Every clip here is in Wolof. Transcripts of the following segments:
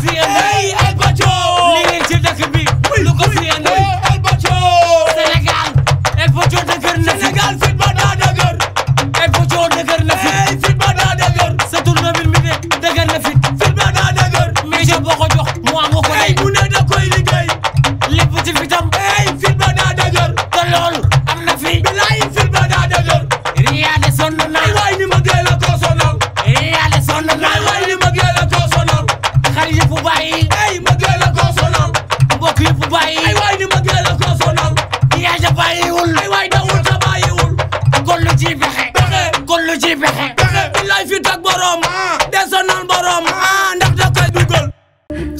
Brasil! Né?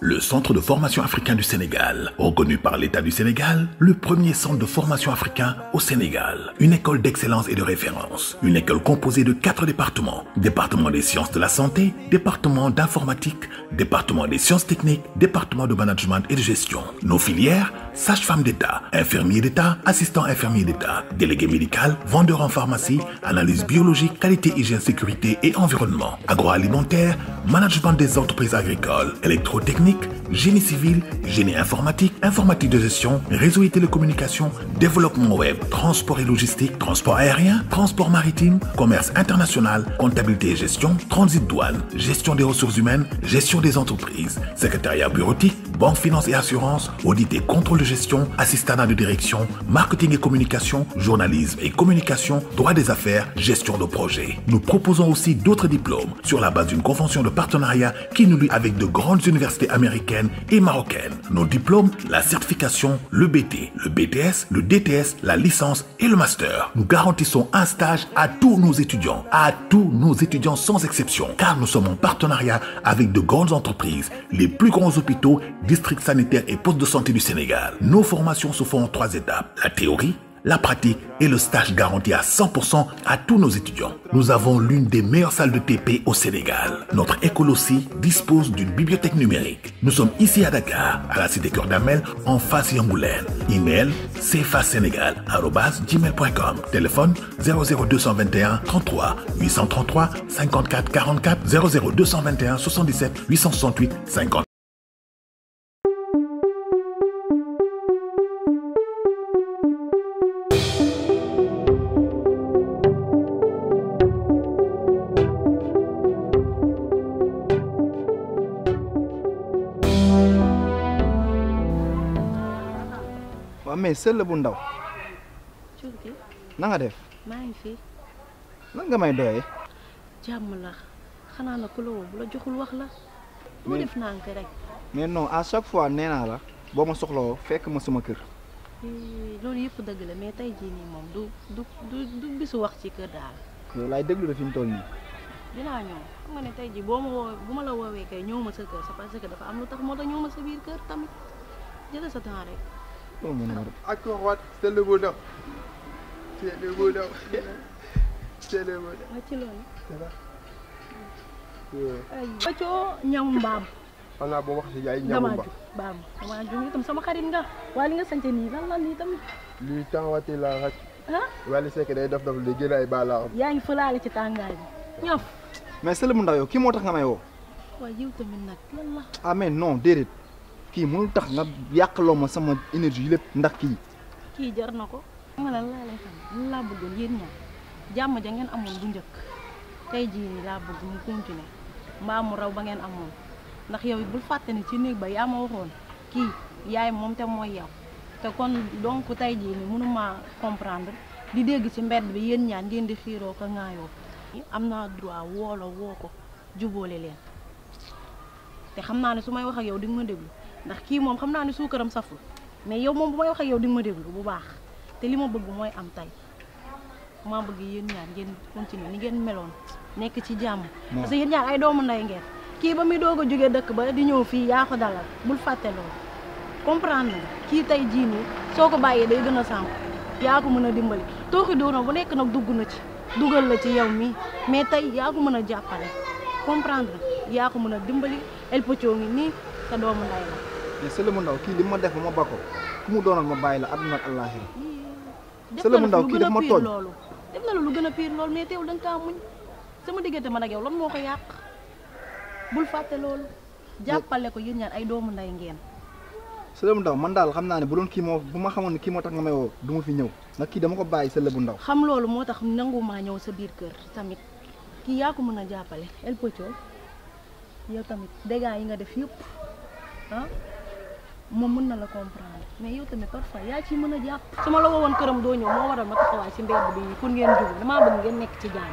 le Centre de formation africain du Sénégal, reconnu par l'État du Sénégal, le premier centre de formation africain au Sénégal, une école d'excellence et de référence, une école composée de quatre départements, département des sciences de la santé, département d'informatique, département des sciences techniques, département de management et de gestion. Nos filières, sage-femme d'État, infirmier d'État, assistant infirmier d'État, délégué médical, vendeur en pharmacie, analyse biologique, qualité, hygiène, sécurité et environnement, agroalimentaire, management des entreprises agricoles, électrotechnique, génie civil, génie informatique, informatique de gestion, réseau et télécommunications, développement web, transport et logistique, transport aérien, transport maritime, commerce international, comptabilité et gestion, transit douane, gestion des ressources humaines, gestion des entreprises, secrétariat bureautique, banque finance et assurance, audit et contrôle de gestion, assistante de direction, marketing et communication, journalisme et communication, droit des affaires, gestion de projet. Nous proposons aussi d'autres diplômes sur la base d'une convention de partenariat qui nous lie avec de grandes universités américaine et marocaine. Nos diplômes, la certification, le BT, le BTS, le DTS, la licence et le master. Nous garantissons un stage à tous nos étudiants, à tous nos étudiants sans exception, car nous sommes en partenariat avec de grandes entreprises, les plus grands hôpitaux, districts sanitaires et postes de santé du Sénégal. Nos formations se font en trois étapes. La théorie, la pratique et le stage garantis à 100% à tous nos étudiants. Nous avons l'une des meilleures salles de TP au Sénégal. Notre école aussi dispose d'une bibliothèque numérique. Nous sommes ici à Dakar, à la cité Cœur d'Amel, en face Yangoulène. Email cfasénégal.com. Téléphone 00221 33 833 54 44 00221 77 868 50. amé seul bu ndaw. jur na nga def. maa ngi fi. lan nga may doye jam la xana na ko lo bu la joxul wax la. mo def nank rek. mais non à chaque fois néna la boo ma soxlawoo fekk ma suma kër. loolu yëpp dëgg la mais tay ji ni mom du du du du bisu wax ci kër daal. ko lay déglu lu fi mu toll ni dina ñoo xam nga ne tay ji boo ma woo bu ma la wowe kay ñoo ma sa kër sa parce que dafa am lu tax moo tax ñëw ma sa biir kër tamit jëla sa temps rek. Encore what? C'est le bonheur. C'est le bonheur. C'est le bonheur. ci loolu. ça va. ñaw mbaam. xanaa boo wax si yaay ñaw mbaam. baam damaa jug itam sama xarit nga waaye li nga sant nii lan la lii tamit. luy tànwati laa ràcc. Wally Seck day def daf li gën ay baa laa yaa ngi fëlaale ci tàngaay bi ñaf mais sële mu ndaw yow kii moo tax nga may woo. waaw yow tamit nag lan la. ah mais non déedéet. kii mënul tax nga yàqloo ma sama énergie lepp ndax ki. Ki jar na ma la la lay xam la la bëggoon yéen ñaar jàmm ja ngeen amul bu ñëk tay ji ni la bëgg mu continuer ma mu raw ba ngeen amul ndax yow bu faté ni ci neeg ba ya ma waxoon ki yaay mom té moy yow té kon donc tey jii nii mënuma comprendre di dégg ci mbedd bi yeen ñaan ngeen di xiro ko ŋaayoo. am naa droit wolo la djubole len té xamna te sumay wax ak yow di ma déglu. ndax kii moom xam naa ne suukaram saful mais yow moom bu may wax ak yow di ma déglu bu baax te li ma bëgg mooy am tey maa bëgg yéen ñaar ngeen continuer ni ngeen meloon nekk ci jàmm. parce que yéen ñaar ay doomu nday ngeen. kii ba muy doog a jóge dëkk ba di ñëw fii yaa ko dalal bul fàtte loolu comprendre kii tey jii nii soo ko bàyyee day gën a sàmp yaa ko mën a dimbali tooxi na bu nekk nag dugg na ci dugal la ci yow mii mais tey yaa ko mën a jàppale comprendre Ya ko mën a dimbali El Pocho ngi nii sa doomu ndey la mais sële mu ndaw kii li def ma ba ko ku ma bàyyi mu ndaw def ma def na lu gën pire loolu mais teewul da nga muñ sama diggante man ak yow lan moo ko bul fàtte loolu jàppale ko yéen ñaan ay doomu ndey ngeen sële bu ndaw man daal xam naa bu doon kii moo bu ma xamoon ne kii tax nga may woo fi dama ko bu ndaw xam sa biir kër tamit ko El Pocho yow tamit dégâts yi nga def yëpp ah moom mën na la comprendre mais yow tamit parfois yaa ci mën a jàpp. su ma la woowoon këram doo ñëw moo waral ma taxawaay si mbedd bi pour ngeen jublu damaa bëgg ngeen nekk ci jàmm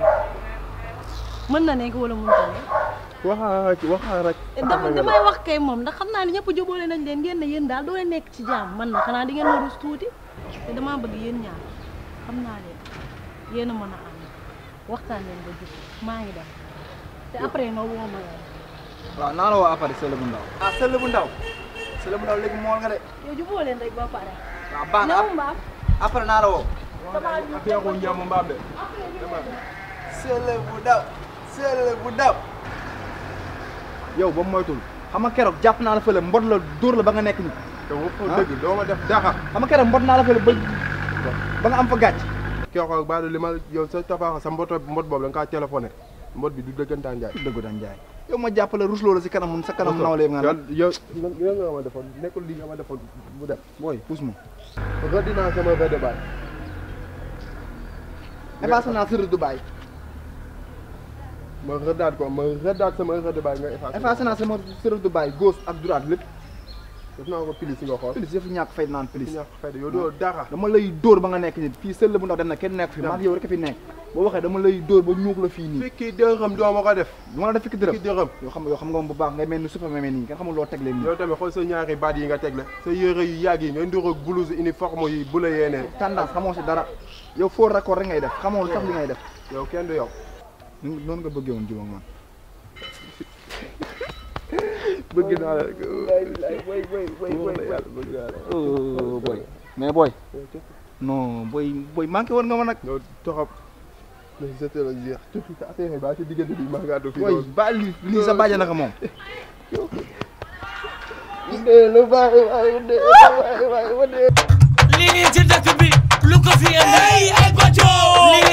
mën na nekk walla mënut a nekk. waxaa waxaa rek. dama wax kay moom ndax xam naa ne ñëpp jubóole nañ leen ngeen ne yéen daal doo nekk ci jàmm man na xanaa di ngeen ma rus tuuti te damaa bëgg yéen ñaar xam naa leen yéen a mën a am waxtaan leen ba jub maa ngi dem te après ma woo ma lah naro apa woo à Paris Sële bu Ndaw. ah Sële bu Ndaw Sële bu Ndaw Apa naro? nga de. yow jubóo leen rek ba pare. Apa baax na mbaam. après naa la woo. ko njaamu mbaam de. Sële bu Ndaw Sële bu Ndaw. yow naro moytul xam nga keroog jàpp naa la fële mbot la dóor la ba nga nekk nii. te waxoo dëgg doo ma def dara. xam nga keroog mbot la fële ba nga am fa gàcc. keroog baal li sa sa nga bi du yow ma jàppale rusloo la si kanam sa kanam nawle nga naan yow yow nga ma defoon nekkul li nga ma defoon mu def mooy pousse ma radi naa sama verre de bail naa ma rëddaat sama rëddu bail nga naa sama sa rëddu bail gauche ak droite lépp def naa ko pilis nga xool ñàkk fay naan pilis ñàkk doo dara dama lay dóor ba nga nekk nit fii sëll bu ndax dem na kenn nekk fi man yow rek fi nekk la fii nii ko def du nga moom bu baax ngay mel kenn xamul loo tegle nii rek kenn du yow noonu nga bëggee woon jiw man bëgg naa la booy booy booy mais booy. non booy booy manqué woon nga ma nag. loolu toxam. mais sa teel a jeex surtout sa affaire yi baa si diggante bi maa ngi àddu. booy ba lii lii sa bàjj naka moom. li ngi ci dëkk bi lu ko fi indi. ay ay bàjjoo.